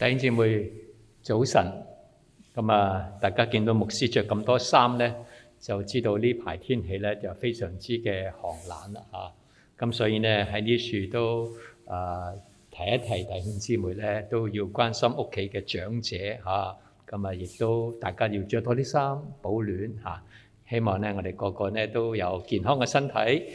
弟兄姊妹早晨，咁啊，大家見到牧師著咁多衫咧，就知道呢排天氣咧就非常之嘅寒冷啦嚇。咁所以咧喺呢處都啊提一提弟兄姊妹咧，都要關心屋企嘅長者嚇。咁啊，亦都大家要著多啲衫保暖嚇。希望咧我哋個個咧都有健康嘅身體，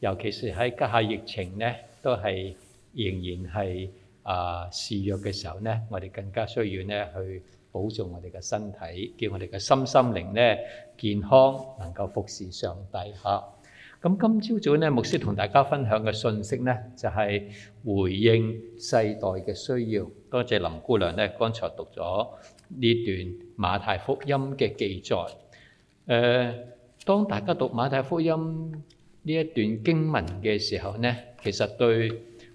尤其是喺家下疫情咧，都係仍然係。啊，示弱嘅時候呢，我哋更加需要呢去保重我哋嘅身體，叫我哋嘅心心靈呢健康，能夠服侍上帝嚇。咁今朝早呢，牧師同大家分享嘅信息呢，就係回應世代嘅需要。多謝林姑娘呢，剛才讀咗呢段馬太福音嘅記載。誒，當大家讀馬太福音呢一段經文嘅時候呢，其實對。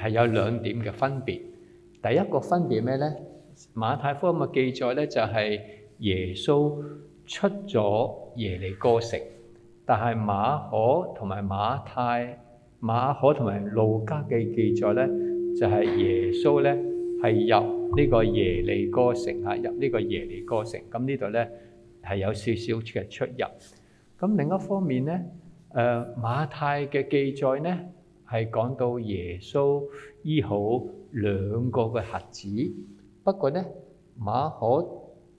係有兩點嘅分別。第一個分別咩咧？馬太福音嘅記載咧就係耶穌出咗耶利哥城，但係馬可同埋馬太、馬可同埋路加嘅記載咧就係耶穌咧係入呢個耶利哥城啊，入呢個耶利哥城。咁呢度咧係有少少嘅出入。咁另一方面咧，誒馬太嘅記載咧。係講到耶穌醫好兩個嘅瞎子，不過呢馬可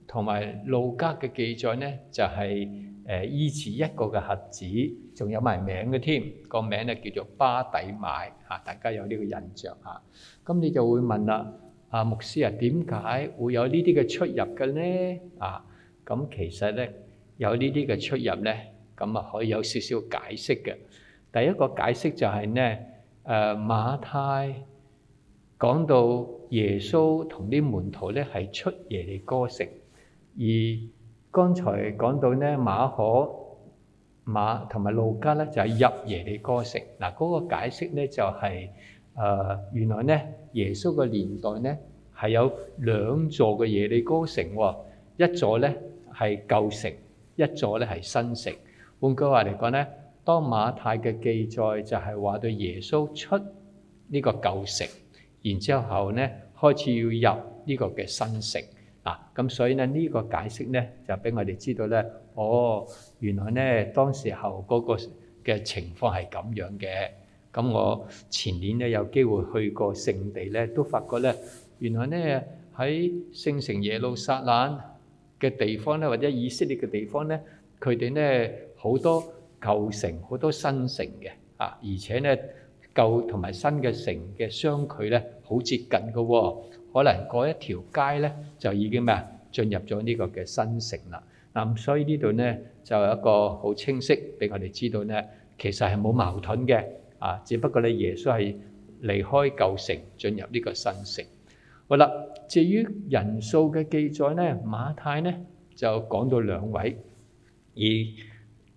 同埋路加嘅記載呢就係誒醫治一個嘅瞎子，仲有埋名嘅添，個名呢叫做巴底買嚇，大家有呢個印象吓。咁你就會問啦，阿牧師啊，點解會有呢啲嘅出入嘅呢？啊，咁其實呢有呢啲嘅出入呢，咁啊可以有少少解釋嘅。第一個解釋就係咧，誒馬太講到耶穌同啲門徒咧係出耶利哥城，而剛才講到咧馬可馬同埋路加咧就係入耶利哥城。嗱，嗰個解釋咧就係誒原來咧耶穌嘅年代咧係有兩座嘅耶利哥城，一座咧係舊城，一座咧係新城。換句話嚟講咧。當馬太嘅記載就係話對耶穌出呢個舊城，然之後咧開始要入呢個嘅新城嗱，咁所以咧呢個解釋咧就俾我哋知道咧，哦，原來咧當時候嗰個嘅情況係咁樣嘅。咁我前年咧有機會去過聖地咧，都發覺咧原來咧喺聖城耶路撒冷嘅地方咧，或者以色列嘅地方咧，佢哋咧好多。舊城好多新城嘅啊，而且咧舊同埋新嘅城嘅相距咧好接近噶，可能過一條街咧就已經咩啊進入咗呢個嘅新城啦。嗱，所以呢度咧就有一個好清晰俾我哋知道咧，其實係冇矛盾嘅啊，只不過咧耶穌係離開舊城進入呢個新城。好啦，至於人數嘅記載咧，馬太咧就講到兩位而。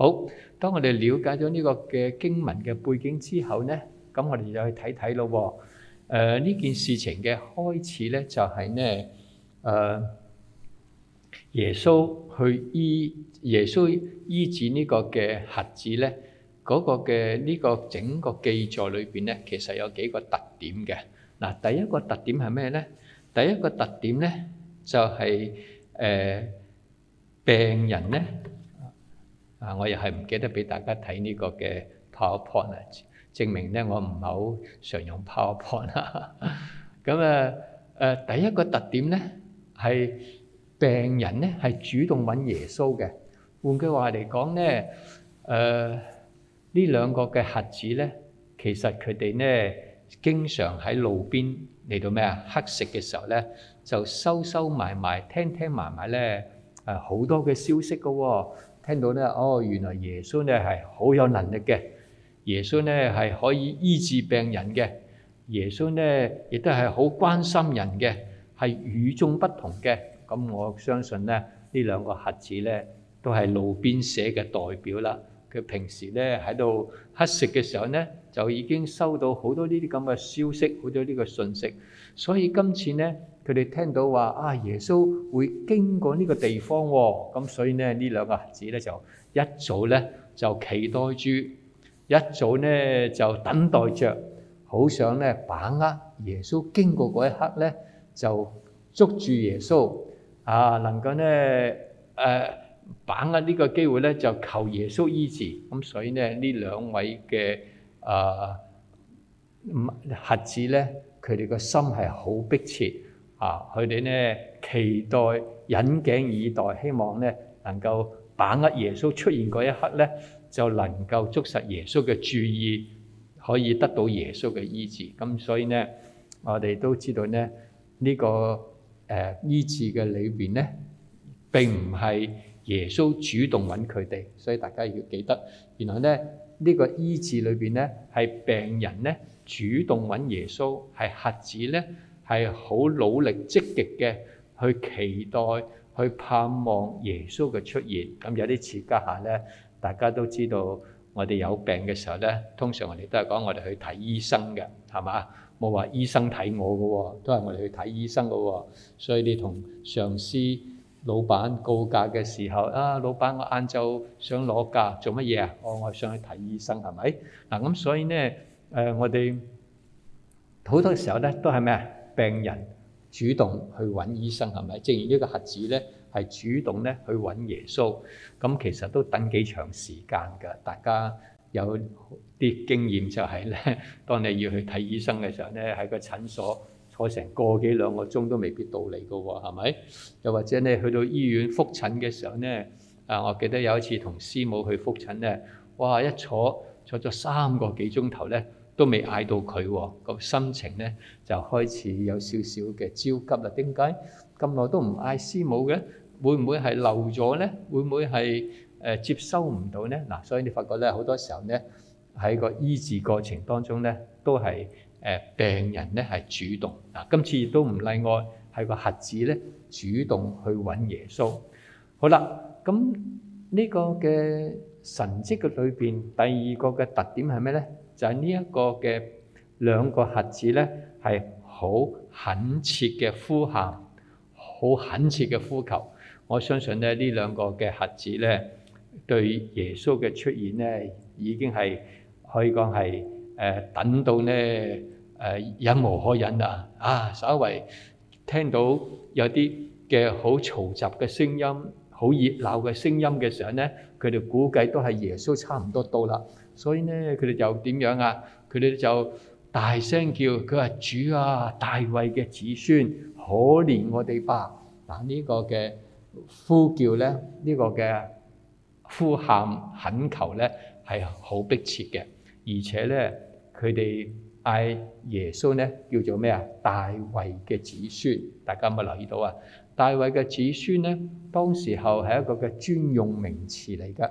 好，當我哋瞭解咗呢個嘅經文嘅背景之後咧，咁我哋就去睇睇咯喎。誒呢件事情嘅開始咧，就係咧誒耶穌去醫耶穌醫治呢個嘅瞎子咧，嗰個嘅呢個整個記載裏邊咧，其實有幾個特點嘅。嗱，第一個特點係咩咧？第一個特點咧就係誒病人咧。啊！我又係唔記得俾大家睇呢個嘅 PowerPoint，證明咧我唔係好常用 PowerPoint 啦。咁啊誒，第一個特點咧係病人咧係主動揾耶穌嘅。換句話嚟講咧，誒呢兩個嘅孩子咧，其實佢哋咧經常喺路邊嚟到咩啊乞食嘅時候咧，就收收埋埋，聽聽埋埋咧誒好多嘅消息嘅喎。聽到咧，哦，原來耶穌咧係好有能力嘅，耶穌咧係可以醫治病人嘅，耶穌咧亦都係好關心人嘅，係與眾不同嘅。咁我相信咧，呢兩個核子咧都係路邊社嘅代表啦。佢平時咧喺度乞食嘅時候咧，就已經收到好多呢啲咁嘅消息，好多呢個信息。所以今次咧。佢哋聽到話啊，耶穌會經過呢個地方喎、哦，咁所以呢，呢兩個瞎子咧就一早咧就期待住，一早呢，就等待着。好想咧把握耶穌經過嗰一刻咧就捉住耶穌啊，能夠呢，誒、啊、把握呢個機會咧就求耶穌醫治，咁所以呢，呢兩位嘅啊瞎子咧，佢哋個心係好迫切。啊！佢哋咧期待，引頸以待，希望咧能夠把握耶穌出現嗰一刻呢就能夠捉實耶穌嘅注意，可以得到耶穌嘅醫治。咁所以呢，我哋都知道咧，呢、這個誒、呃、醫治嘅裏邊呢，並唔係耶穌主動揾佢哋，所以大家要記得，原來咧呢、這個醫治裏邊呢，係病人咧主動揾耶穌，係核子呢。係好努力積極嘅去期待、去盼望耶穌嘅出現。咁有啲刺激下咧，大家都知道我哋有病嘅時候咧，通常我哋都係講我哋去睇醫生嘅，係嘛？冇話醫生睇我嘅，都係我哋去睇醫生嘅。所以你同上司、老闆告假嘅時候，啊，老闆我晏晝想攞假做乜嘢啊？我想、哦、我想去睇醫生係咪？嗱咁所以咧，誒、呃、我哋好多時候咧都係咩啊？病人主動去揾醫生係咪？正如呢個核子咧，係主動咧去揾耶穌。咁其實都等幾長時間㗎。大家有啲經驗就係咧，當你要去睇醫生嘅時候咧，喺個診所坐成個幾兩個鐘都未必到嚟㗎喎，係咪？又或者你去到醫院復診嘅時候咧，啊，我記得有一次同師母去復診咧，哇，一坐坐咗三個幾鐘頭咧。都未嗌到佢個心情咧，就開始有少少嘅焦急啦。點解咁耐都唔嗌師母嘅？會唔會係漏咗咧？會唔會係誒接收唔到咧？嗱，所以你發覺咧，好多時候咧喺個醫治過程當中咧，都係誒病人咧係主動嗱。今次亦都唔例外，係個瞎子咧主動去揾耶穌。好啦，咁呢個嘅神跡嘅裏邊，第二個嘅特點係咩咧？就係呢一個嘅兩個瞎子咧，係好懇切嘅呼喊，好懇切嘅呼求。我相信咧，呢兩個嘅瞎子咧，對耶穌嘅出現咧，已經係可以講係誒等到咧誒忍無可忍啦。啊，稍為聽到有啲嘅好嘈雜嘅聲音、好熱鬧嘅聲音嘅時候咧，佢哋估計都係耶穌差唔多到啦。所以咧，佢哋就點樣啊？佢哋就大聲叫，佢話：主啊，大衛嘅子孫，可憐我哋吧！嗱，呢個嘅呼叫咧，呢、呢個嘅呼喊、懇求咧，係好迫切嘅。而且咧，佢哋嗌耶穌咧叫做咩啊？大衛嘅子孫，大家有冇留意到啊？大衛嘅子孫咧，當時候係一個嘅專用名詞嚟噶。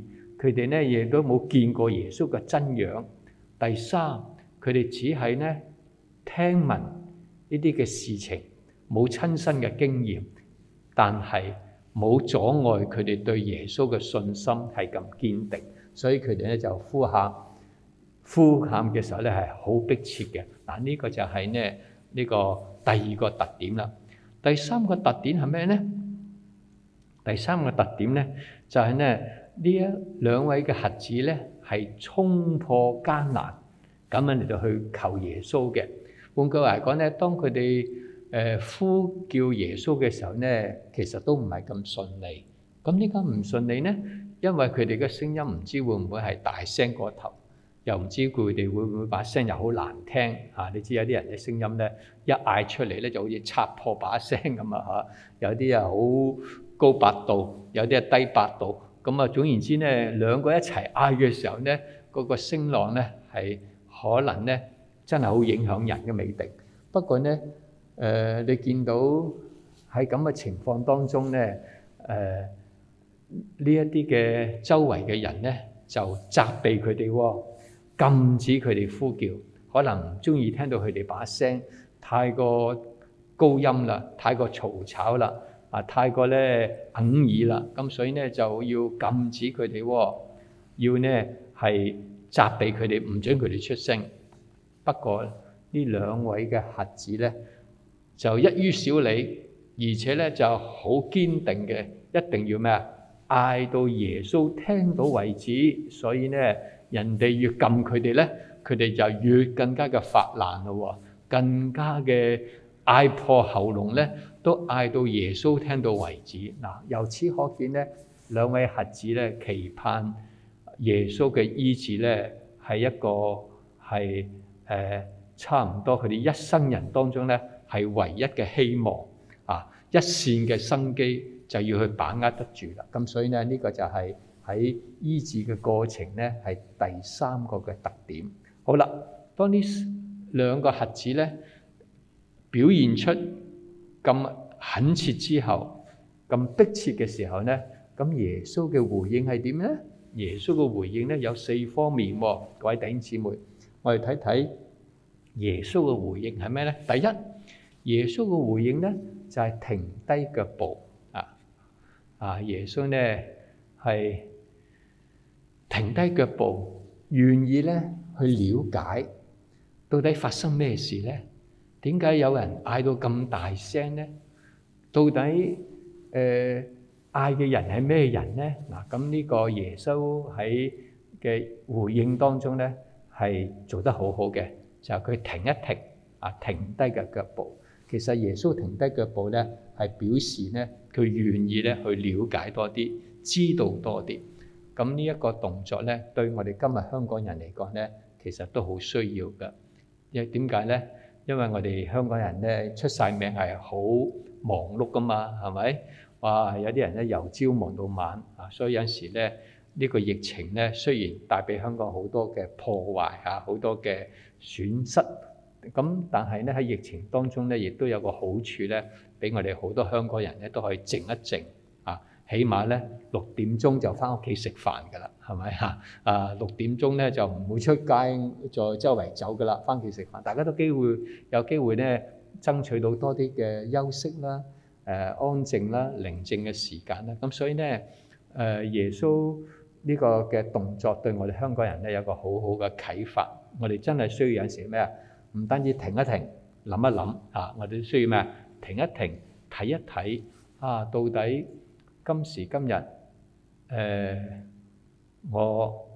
佢哋咧亦都冇見過耶穌嘅真樣。第三，佢哋只係咧聽聞呢啲嘅事情，冇親身嘅經驗，但係冇阻礙佢哋對耶穌嘅信心係咁堅定。所以佢哋咧就呼喊，呼喊嘅時候咧係好迫切嘅。嗱，呢個就係咧呢個第二個特點啦。第三個特點係咩咧？第三個特點咧就係咧。呢一兩位嘅核子咧，係衝破艱難咁樣嚟到去求耶穌嘅。換句話嚟講咧，當佢哋誒呼叫耶穌嘅時候咧，其實都唔係咁順利。咁點解唔順利咧？因為佢哋嘅聲音唔知會唔會係大聲過頭，又唔知佢哋會唔會把聲又好難聽嚇。你知有啲人嘅聲音咧，一嗌出嚟咧就好似拆破把聲咁啊嚇。有啲啊好高八度，有啲啊低八度。咁啊，總言之咧，兩個一齊嗌嘅時候咧，嗰個聲浪咧係可能咧真係好影響人嘅美定。不過咧，誒你見到喺咁嘅情況當中咧，誒呢一啲嘅周圍嘅人咧就責備佢哋，禁止佢哋呼叫，可能唔中意聽到佢哋把聲太過高音啦，太過嘈吵啦。啊，太過咧，哽耳啦，咁所以呢，就要禁止佢哋喎，要呢係責備佢哋，唔准佢哋出聲。不過呢兩位嘅瞎子呢，就一於少理，而且呢就好堅定嘅，一定要咩嗌到耶穌聽到為止。所以呢，人哋越禁佢哋呢，佢哋就越更加嘅發難咯，更加嘅嗌破喉嚨呢。都嗌到耶穌聽到為止嗱，由此可見咧，兩位瞎子咧，期盼耶穌嘅醫治咧係一個係誒、呃、差唔多佢哋一生人當中咧係唯一嘅希望啊，一線嘅生機就要去把握得住啦。咁所以呢，呢個就係喺醫治嘅過程咧係第三個嘅特點。好啦，當呢兩個瞎子咧表現出咁懇切之後，咁迫切嘅時候呢，咁耶穌嘅回應係點呢？耶穌嘅回應呢有四方面喎，各位弟兄姊妹，我哋睇睇耶穌嘅回應係咩呢？第一，耶穌嘅回應呢就係停低腳步啊！啊，耶穌呢係停低腳步，願意呢去了解到底發生咩事呢？點解有人嗌到咁大聲呢？到底誒嗌嘅人係咩人呢？嗱，咁呢個耶穌喺嘅回應當中呢，係做得好好嘅。就係佢停一停啊，停低嘅腳步。其實耶穌停低腳步呢，係表示呢佢願意呢去了解多啲、知道多啲。咁呢一個動作呢，對我哋今日香港人嚟講呢，其實都好需要嘅。因為點解呢？因為我哋香港人咧出晒名係好忙碌噶嘛，係咪？哇！有啲人咧由朝忙到晚，啊，所以有陣時咧呢個疫情咧雖然帶俾香港好多嘅破壞啊，好多嘅損失，咁但係咧喺疫情當中咧，亦都有個好處咧，俾我哋好多香港人咧都可以靜一靜。起碼咧六點鐘就翻屋企食飯㗎啦，係咪啊？啊，六點鐘咧就唔會出街再周圍走㗎啦，翻屋企食飯。大家都有機會有機會咧爭取到多啲嘅休息啦、誒安靜啦、寧靜嘅時間啦。咁所以咧誒，耶穌呢個嘅動作對我哋香港人咧有個好好嘅啟發。我哋真係需要有時咩啊？唔單止停一停，諗一諗啊！我哋需要咩？停一停，睇一睇啊，到底。今時今日，誒，我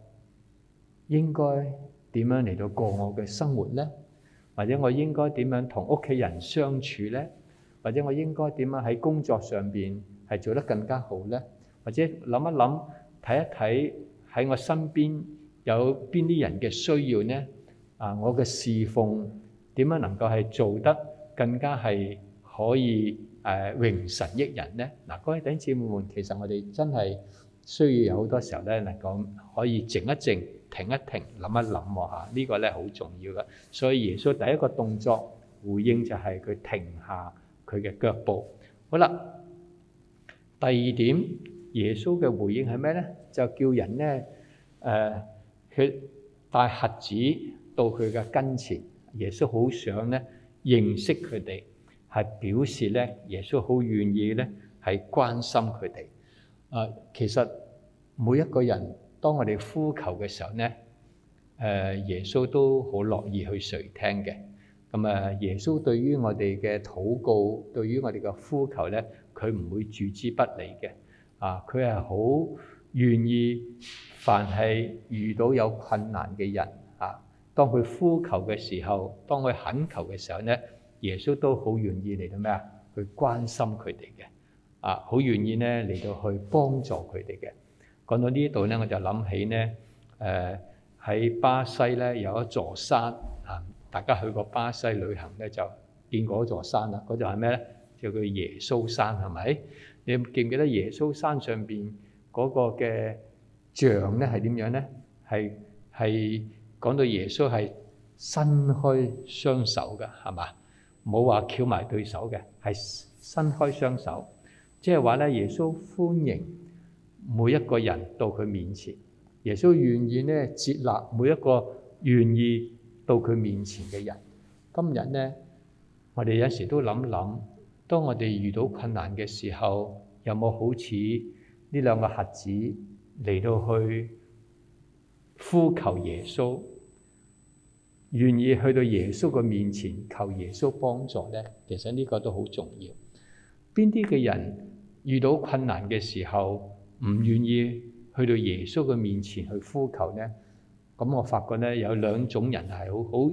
應該點樣嚟到過我嘅生活呢？或者我應該點樣同屋企人相處呢？或者我應該點樣喺工作上邊係做得更加好呢？或者諗一諗，睇一睇喺我身邊有邊啲人嘅需要呢？啊，我嘅侍奉點樣能夠係做得更加係可以？誒榮神益人咧，嗱各位弟兄姊妹，其實我哋真係需要有好多時候咧，能夠可以靜一靜、停一停、諗一諗喎嚇，呢個咧好重要嘅。所以耶穌第一個動作回應就係佢停下佢嘅腳步。好啦，第二點，耶穌嘅回應係咩咧？就叫人咧誒去帶瞎子到佢嘅跟前。耶穌好想咧認識佢哋。係表示咧，耶穌好願意咧，係關心佢哋。啊，其實每一個人當我哋呼求嘅時候咧，誒，耶穌都好樂意去垂聽嘅。咁啊，耶穌對於我哋嘅禱告，對於我哋嘅呼求咧，佢唔會置之不理嘅。啊，佢係好願意，凡係遇到有困難嘅人啊，當佢呼求嘅時候，當佢懇求嘅時候咧。耶穌都好願意嚟到咩啊？去關心佢哋嘅，啊，好願意咧嚟到去幫助佢哋嘅。講到呢度咧，我就諗起咧，誒、呃、喺巴西咧有一座山啊，大家去過巴西旅行咧就見過一座山啦。嗰座係咩咧？就叫耶穌山，係咪？你記唔記得耶穌山上邊嗰個嘅像咧係點樣咧？係係講到耶穌係伸開雙手㗎，係嘛？冇話翹埋對手嘅，係伸開雙手，即係話咧，耶穌歡迎每一個人到佢面前，耶穌願意咧接納每一個願意到佢面前嘅人。今日咧，我哋有時都諗諗，當我哋遇到困難嘅時候，有冇好似呢兩個瞎子嚟到去呼求耶穌？願意去到耶穌嘅面前求耶穌幫助咧，其實呢個都好重要。邊啲嘅人遇到困難嘅時候唔願意去到耶穌嘅面前去呼求咧？咁我發覺咧有兩種人係好好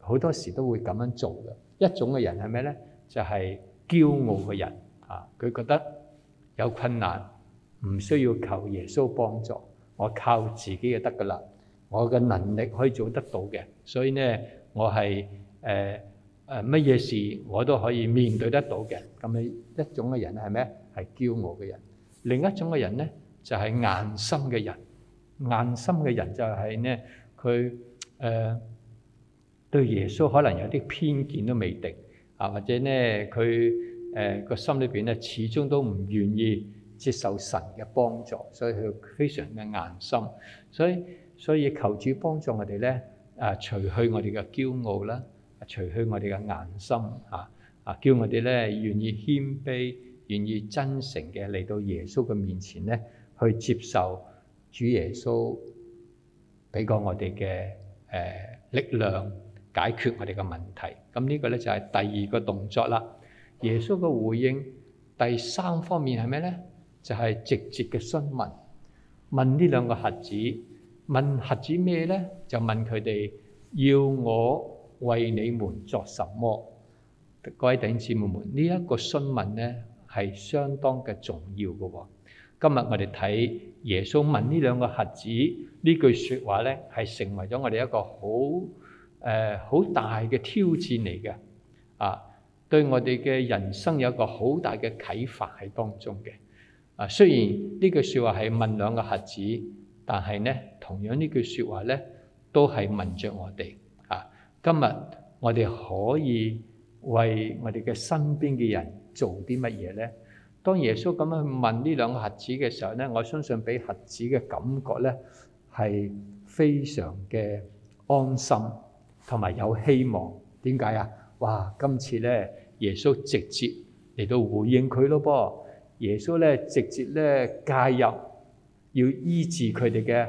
好多時候都會咁樣做嘅。一種嘅人係咩咧？就係、是、驕傲嘅人啊！佢、嗯、覺得有困難，唔需要求耶穌幫助，我靠自己就得噶啦。我嘅能力可以做得到嘅，所以呢我係誒誒乜嘢事我都可以面對得到嘅。咁樣一種嘅人係咩？係驕傲嘅人。另一種嘅人呢就係硬心嘅人。硬心嘅人就係呢佢誒對耶穌可能有啲偏見都未定啊，或者呢佢誒個心裏邊呢始終都唔願意接受神嘅幫助，所以佢非常嘅硬心。所以。所以求主幫助我哋咧，誒，除去我哋嘅驕傲啦，除去我哋嘅硬心嚇啊，叫我哋咧願意謙卑、願意真誠嘅嚟到耶穌嘅面前咧，去接受主耶穌俾過我哋嘅誒力量解決我哋嘅問題。咁呢個咧就係第二個動作啦。耶穌嘅回應第三方面係咩咧？就係直接嘅詢問，問呢兩個瞎子。問瞎子咩呢？就問佢哋要我為你們作什麼？各位弟兄姊妹們，呢一個詢問呢係相當嘅重要嘅。今日我哋睇耶穌問呢兩個瞎子呢句説話呢，係成為咗我哋一個好誒好大嘅挑戰嚟嘅。啊，對我哋嘅人生有一個好大嘅啟發喺當中嘅。啊，雖然呢句説話係問兩個瞎子，但係呢，同樣呢句說話咧，都係問着我哋啊。今日我哋可以為我哋嘅身邊嘅人做啲乜嘢咧？當耶穌咁樣去問呢兩個瞎子嘅時候咧，我相信俾瞎子嘅感覺咧係非常嘅安心同埋有，有希望。點解啊？哇！今次咧，耶穌直接嚟到回應佢咯噃。耶穌咧直接咧介入，要醫治佢哋嘅。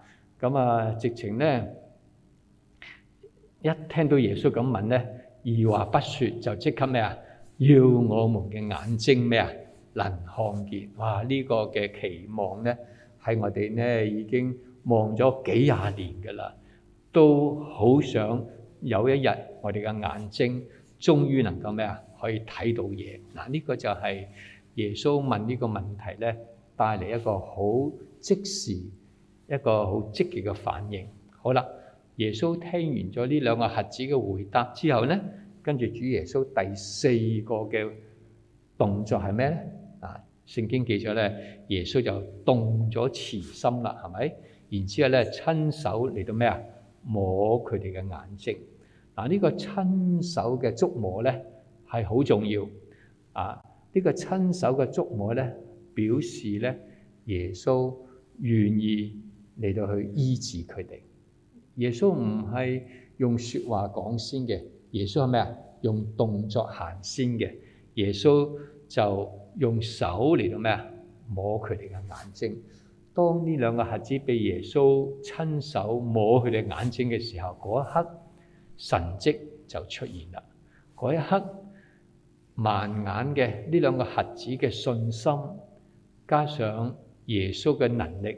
咁啊！直情咧，一聽到耶穌咁問咧，二話不説就即刻咩啊？要我哋嘅眼睛咩啊？能看見。哇，呢個嘅期望咧，係我哋咧已經望咗幾廿年㗎喇，都好想有一日我哋嘅眼睛終於能夠咩啊？可以睇到嘢。嗱，呢個就係耶穌問呢個問題咧，帶嚟一個好即時。一個好積極嘅反應。好啦，耶穌聽完咗呢兩個核子嘅回答之後呢，跟住主耶穌第四個嘅動作係咩呢？啊，聖經記咗咧，耶穌就動咗慈心啦，係咪？然之後咧，親手嚟到咩啊？摸佢哋嘅眼睛。嗱，呢個親手嘅觸摸呢，係好重要。啊，呢個親手嘅觸摸呢表示呢，耶穌願意。嚟到去醫治佢哋，耶穌唔係用說話講先嘅，耶穌係咩啊？用動作行先嘅，耶穌就用手嚟到咩啊？摸佢哋嘅眼睛。當呢兩個孩子被耶穌親手摸佢哋眼睛嘅時候，嗰一刻神蹟就出現啦。嗰一刻，盲眼嘅呢兩個孩子嘅信心，加上耶穌嘅能力。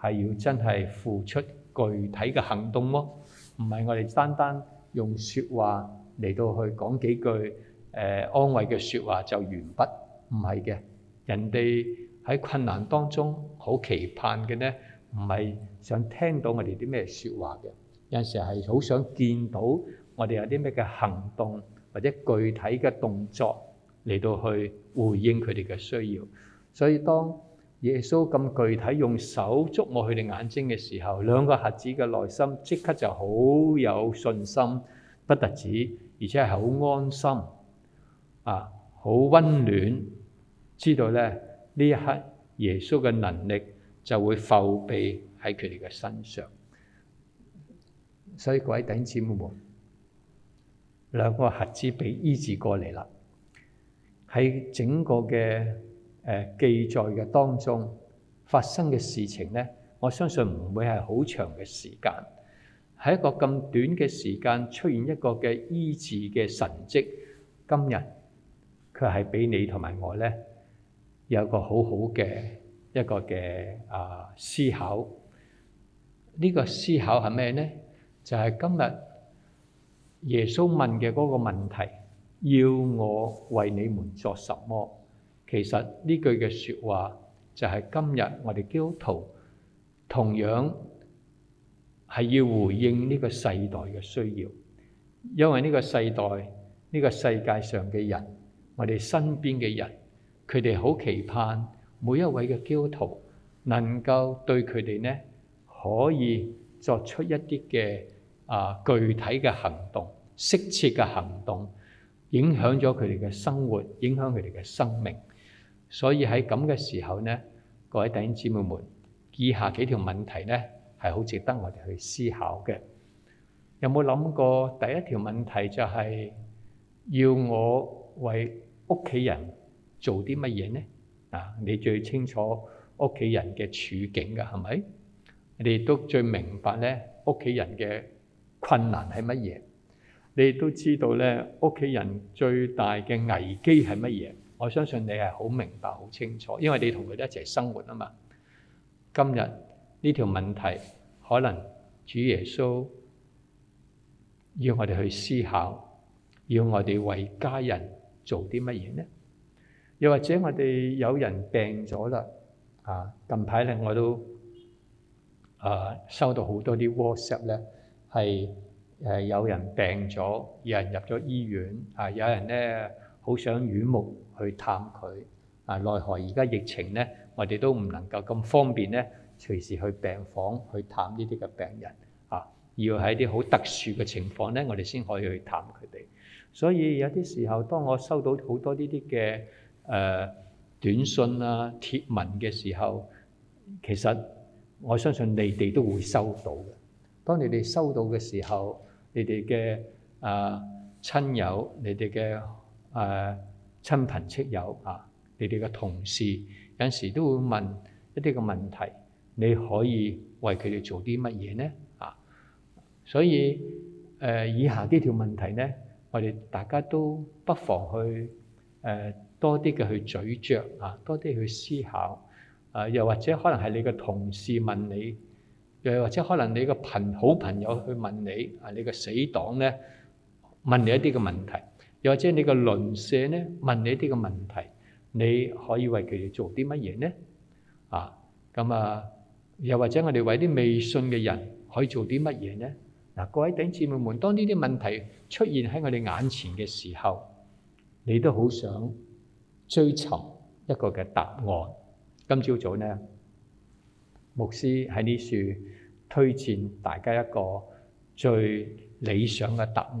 係要真係付出具體嘅行動咯，唔係我哋單單用説話嚟到去講幾句誒安慰嘅説話就完畢，唔係嘅。人哋喺困難當中好期盼嘅呢，唔係想聽到我哋啲咩説話嘅，有陣時係好想見到我哋有啲咩嘅行動或者具體嘅動作嚟到去回應佢哋嘅需要，所以當，耶穌咁具體用手捉我佢哋眼睛嘅時候，兩個瞎子嘅內心即刻就好有信心，不特止，而且係好安心，啊，好溫暖，知道咧呢一刻耶穌嘅能力就會覆庇喺佢哋嘅身上。所以各位弟兄姊妹們，兩個瞎子被醫治過嚟啦，喺整個嘅。誒記載嘅當中發生嘅事情咧，我相信唔會係好長嘅時間。喺一個咁短嘅時間，出現一個嘅醫治嘅神蹟，今日佢係俾你同埋我咧，有個好好嘅一個嘅啊思考。呢個思考係咩咧？就係今日耶穌問嘅嗰個問題：要我為你們作什麼？其實呢句嘅説話就係今日我哋基督徒同樣係要回應呢個世代嘅需要，因為呢個世代呢個世界上嘅人，我哋身邊嘅人，佢哋好期盼每一位嘅基督徒能夠對佢哋呢可以作出一啲嘅啊具體嘅行動、適切嘅行動，影響咗佢哋嘅生活，影響佢哋嘅生命。所以喺咁嘅時候呢，各位弟兄姊妹們，以下幾條問題呢係好值得我哋去思考嘅。有冇諗過？第一條問題就係要我為屋企人做啲乜嘢呢？啊，你最清楚屋企人嘅處境㗎，係咪？你都最明白呢屋企人嘅困難係乜嘢？你都知道呢屋企人最大嘅危機係乜嘢？我相信你係好明白、好清楚，因為你同佢哋一齊生活啊嘛。今日呢條問題，可能主耶穌要我哋去思考，要我哋為家人做啲乜嘢呢？又或者我哋有人病咗啦？啊，近排咧我都啊收到好多啲 WhatsApp 咧，係誒有人病咗，有人入咗醫院，啊，有人咧。好想遠目去探佢，啊！奈何而家疫情咧，我哋都唔能夠咁方便咧，隨時去病房去探呢啲嘅病人，啊！要喺啲好特殊嘅情況咧，我哋先可以去探佢哋。所以有啲時候，當我收到好多呢啲嘅誒短信啊、貼文嘅時候，其實我相信你哋都會收到嘅。當你哋收到嘅時候，你哋嘅啊親友，你哋嘅。誒親朋戚友啊，你哋嘅同事有陣時都會問一啲嘅問題，你可以為佢哋做啲乜嘢呢？啊，所以誒以下幾條問題呢，我哋大家都不妨去誒多啲嘅去咀嚼啊，多啲去思考啊，又或者可能係你嘅同事問你，又或者可能你嘅朋好朋友去問你啊，你嘅死黨呢問你一啲嘅問題。又或者你個鄰舍咧問你啲個問題，你可以為佢哋做啲乜嘢咧？啊，咁啊，又或者我哋為啲未信嘅人可以做啲乜嘢咧？嗱，各位弟兄姊妹們，當呢啲問題出現喺我哋眼前嘅時候，你都好想追尋一個嘅答案。今朝早咧，牧師喺呢處推薦大家一個最理想嘅答案。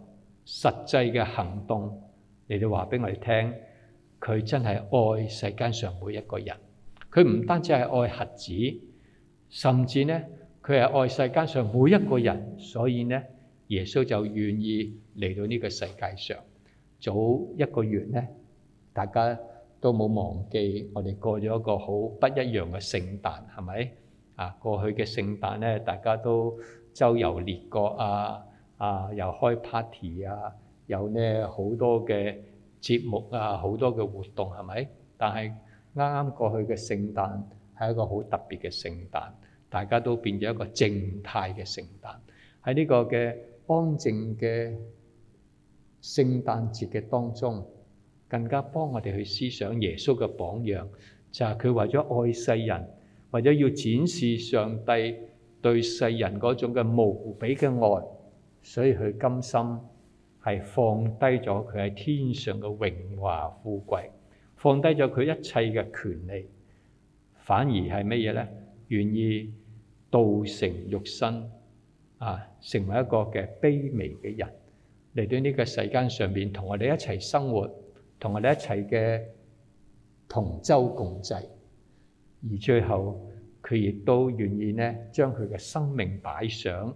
實際嘅行動你哋話俾我哋聽，佢真係愛世間上每一個人。佢唔單止係愛孩子，甚至咧佢係愛世間上每一個人。所以咧，耶穌就願意嚟到呢個世界上。早一個月咧，大家都冇忘記我哋過咗一個好不一樣嘅聖誕，係咪啊？過去嘅聖誕咧，大家都周遊列國啊。啊！又開 party 啊！有咧好多嘅節目啊，好多嘅活動，係咪？但係啱啱過去嘅聖誕係一個好特別嘅聖誕，大家都變咗一個靜態嘅聖誕。喺呢個嘅安靜嘅聖誕節嘅當中，更加幫我哋去思想耶穌嘅榜樣，就係佢為咗愛世人，為咗要展示上帝對世人嗰種嘅無比嘅愛。所以佢甘心係放低咗佢喺天上嘅榮華富貴，放低咗佢一切嘅權利，反而係咩嘢咧？願意道成肉身啊，成為一個嘅卑微嘅人嚟到呢個世間上面，同我哋一齊生活，同我哋一齊嘅同舟共濟，而最後佢亦都願意咧，將佢嘅生命擺上。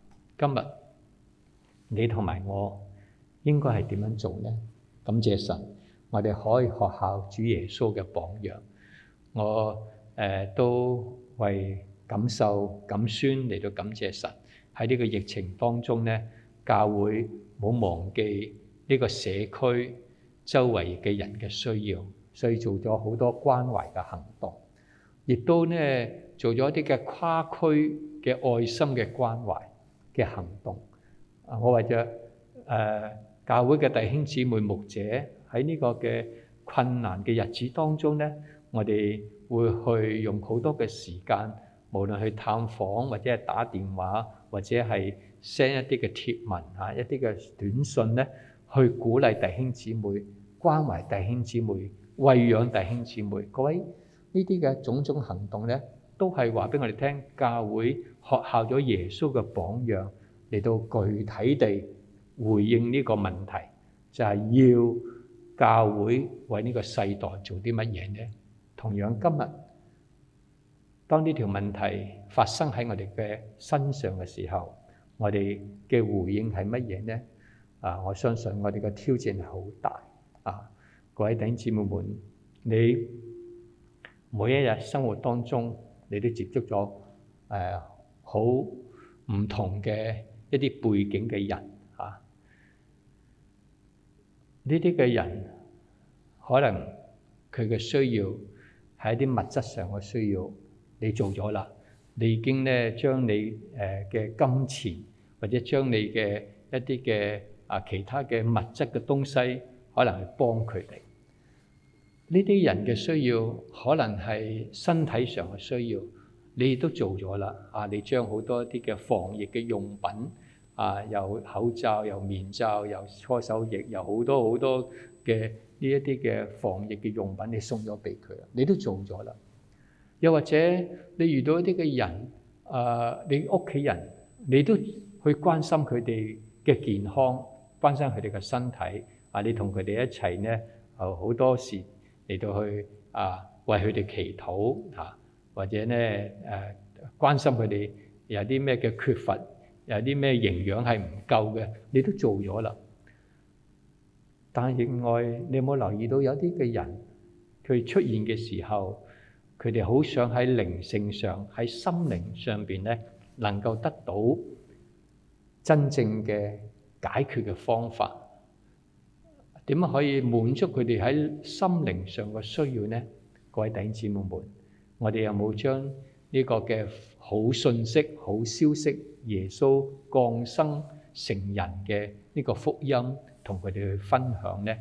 今日你同埋我應該係點樣做呢？感謝神，我哋可以學效主耶穌嘅榜樣。我誒都為感受感酸嚟到感謝神，喺呢個疫情當中呢，教會冇忘記呢個社區周圍嘅人嘅需要，所以做咗好多關懷嘅行動，亦都呢做咗一啲嘅跨區嘅愛心嘅關懷。嘅行動，啊！我為著誒教會嘅弟兄姊妹、牧者喺呢個嘅困難嘅日子當中咧，我哋會去用好多嘅時間，無論去探訪，或者係打電話，或者係 send 一啲嘅貼文嚇一啲嘅短信咧，去鼓勵弟兄姊妹、關懷弟兄姊妹、餵養弟兄姊妹。各位呢啲嘅種種行動咧～都係話俾我哋聽，教會學效咗耶穌嘅榜樣嚟到具體地回應呢個問題，就係要教會為呢個世代做啲乜嘢呢？同樣今日，當呢條問題發生喺我哋嘅身上嘅時候，我哋嘅回應係乜嘢呢？啊，我相信我哋嘅挑戰係好大啊！各位弟兄姊妹們，你每一日生活當中，你都接觸咗誒好唔同嘅一啲背景嘅人啊，呢啲嘅人可能佢嘅需要係一啲物質上嘅需要，你做咗啦，你已經呢將你誒嘅金錢或者將你嘅一啲嘅啊其他嘅物質嘅東西，可能去幫佢哋。呢啲人嘅需要，可能係身體上嘅需要，你亦都做咗啦。啊，你將好多一啲嘅防疫嘅用品啊，有口罩、有面罩、有搓手液、有好多好多嘅呢一啲嘅防疫嘅用品，你送咗俾佢啦。你都做咗啦。又或者你遇到一啲嘅人，啊，你屋企人，你都去關心佢哋嘅健康，關心佢哋嘅身體啊，你同佢哋一齊呢，就好多時。嚟到去啊，為佢哋祈禱啊，或者咧，誒，關心佢哋有啲咩嘅缺乏，有啲咩營養係唔夠嘅，你都做咗啦。但係另外，你有冇留意到有啲嘅人佢出現嘅時候，佢哋好想喺靈性上、喺心靈上邊咧，能夠得到真正嘅解決嘅方法。點樣可以滿足佢哋喺心靈上嘅需要呢？各位弟兄姊妹們，我哋有冇將呢個嘅好信息、好消息、耶穌降生成人嘅呢個福音，同佢哋去分享呢？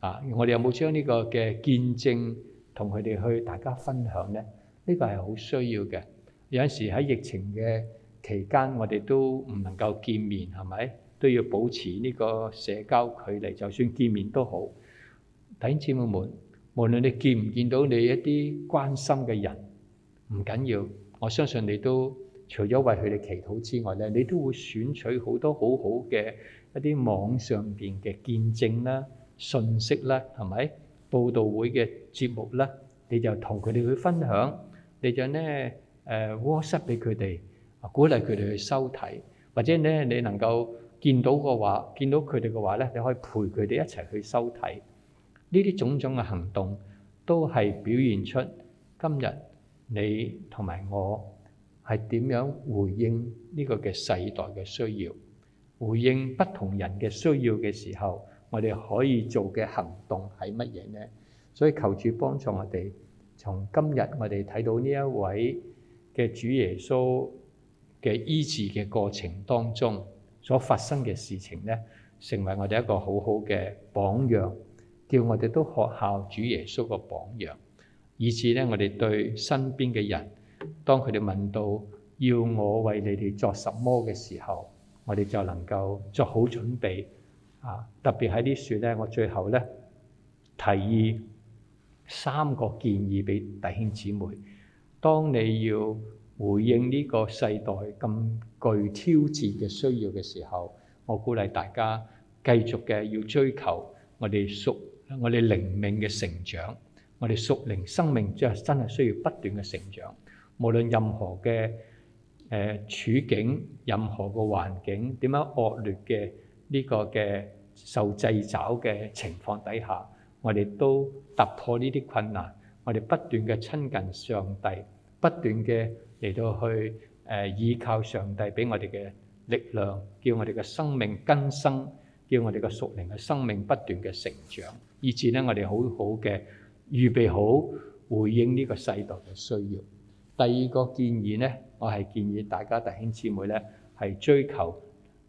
啊，我哋有冇將呢個嘅見證同佢哋去大家分享呢？呢個係好需要嘅。有陣時喺疫情嘅期間，我哋都唔能夠見面，係咪？都要保持呢個社交距離，就算見面都好。弟兄姊妹們，無論你見唔見到你一啲關心嘅人，唔緊要。我相信你都除咗為佢哋祈禱之外咧，你都會選取好多好好嘅一啲網上邊嘅見證啦、信息啦，係咪？佈道會嘅節目啦，你就同佢哋去分享，你就咧誒 WhatsApp 俾佢哋，鼓勵佢哋去收睇，或者咧你能夠，見到嘅話，見到佢哋嘅話呢，你可以陪佢哋一齊去收睇。呢啲種種嘅行動都係表現出今日你同埋我係點樣回應呢個嘅世代嘅需要，回應不同人嘅需要嘅時候，我哋可以做嘅行動係乜嘢呢？所以求主幫助我哋，從今日我哋睇到呢一位嘅主耶穌嘅醫治嘅過程當中。所發生嘅事情咧，成為我哋一個好好嘅榜樣，叫我哋都學效主耶穌嘅榜樣，以致咧我哋對身邊嘅人，當佢哋問到要我為你哋做什麼嘅時候，我哋就能夠做好準備啊！特別喺呢處咧，我最後咧提議三個建議俾弟兄姊妹，當你要回應呢個世代咁具挑戰嘅需要嘅時候，我鼓勵大家繼續嘅要追求我哋屬我哋靈命嘅成長。我哋屬靈生命真係真係需要不斷嘅成長。無論任何嘅誒處境，任何個環境點樣惡劣嘅呢個嘅受制找嘅情況底下，我哋都突破呢啲困難。我哋不斷嘅親近上帝，不斷嘅。嚟到去誒，依靠上帝俾我哋嘅力量，叫我哋嘅生命更新，叫我哋嘅屬靈嘅生命不斷嘅成長，以至咧，我哋好好嘅預備好，回應呢個世代嘅需要。第二個建議呢，我係建議大家弟兄姊妹呢，係追求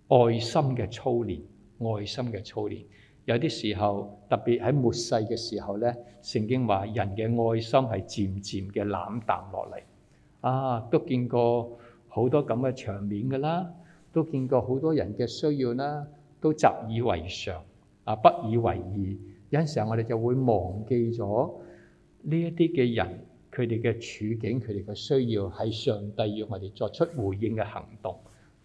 愛心嘅操練，愛心嘅操練。有啲時候，特別喺末世嘅時候呢，聖經話人嘅愛心係漸漸嘅冷淡落嚟。啊，都見過好多咁嘅場面噶啦，都見過好多人嘅需要啦，都習以為常，啊不以為意。有陣時候我哋就會忘記咗呢一啲嘅人，佢哋嘅處境，佢哋嘅需要係上帝要我哋作出回應嘅行動。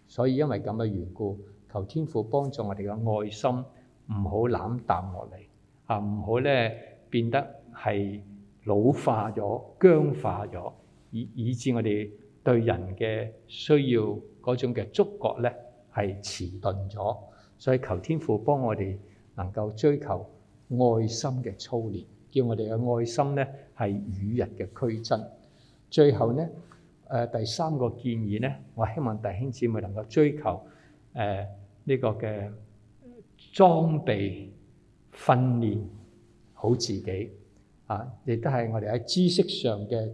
所以因為咁嘅緣故，求天父幫助我哋嘅愛心唔好冷淡落嚟，啊唔好咧變得係老化咗、僵化咗。以以至我哋對人嘅需要嗰種嘅觸覺咧係遲鈍咗，所以求天父幫我哋能夠追求愛心嘅操練，叫我哋嘅愛心咧係與日嘅俱增。最後咧誒第三個建議咧，我希望弟兄姊妹能夠追求誒呢個嘅裝備訓練好自己啊，亦都係我哋喺知識上嘅。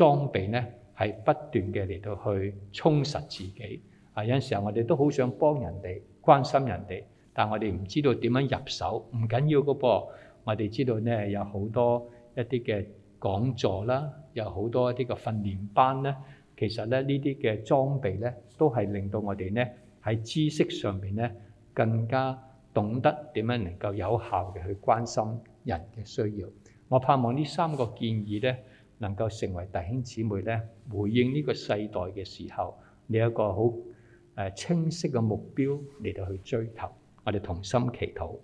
裝備咧係不斷嘅嚟到去充實自己，啊有陣時候我哋都好想幫人哋、關心人哋，但我哋唔知道點樣入手，唔緊要嘅噃。我哋知道咧有好多一啲嘅講座啦，有好多一啲嘅訓練班咧，其實咧呢啲嘅裝備咧都係令到我哋咧喺知識上邊咧更加懂得點樣能夠有效嘅去關心人嘅需要。我盼望呢三個建議咧。能夠成為弟兄姊妹呢，回應呢個世代嘅時候，你有一個好誒清晰嘅目標嚟到去追求。我哋同心祈禱，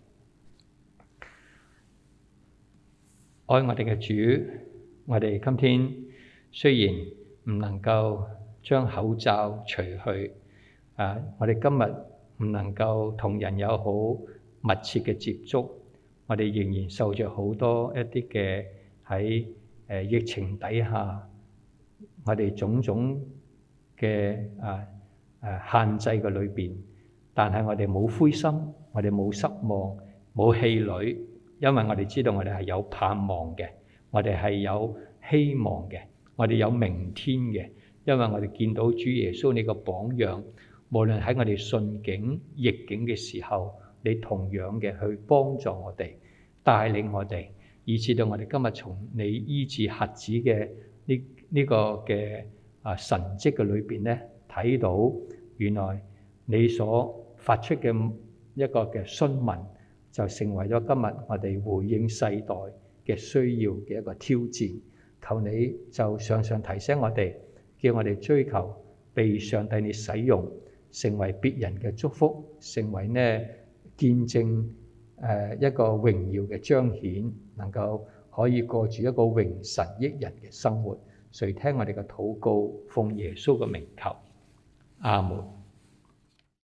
愛我哋嘅主。我哋今天雖然唔能夠將口罩除去，啊，我哋今日唔能夠同人有好密切嘅接觸，我哋仍然受著好多一啲嘅喺誒疫情底下，我哋種種嘅啊誒限制嘅裏邊，但係我哋冇灰心，我哋冇失望，冇氣餒，因為我哋知道我哋係有盼望嘅，我哋係有希望嘅，我哋有明天嘅，因為我哋見到主耶穌你個榜樣，無論喺我哋順境逆境嘅時候，你同樣嘅去幫助我哋，帶領我哋。以至到我哋今日從你醫治瞎子嘅呢呢個嘅啊神蹟嘅裏邊咧，睇到原來你所發出嘅一個嘅詢問，就成為咗今日我哋回應世代嘅需要嘅一個挑戰。求你就常常提醒我哋，叫我哋追求被上帝你使用，成為別人嘅祝福，成為呢見證。誒一個榮耀嘅彰顯，能夠可以過住一個榮神益人嘅生活。垂聽我哋嘅禱告，奉耶穌嘅名求，阿門。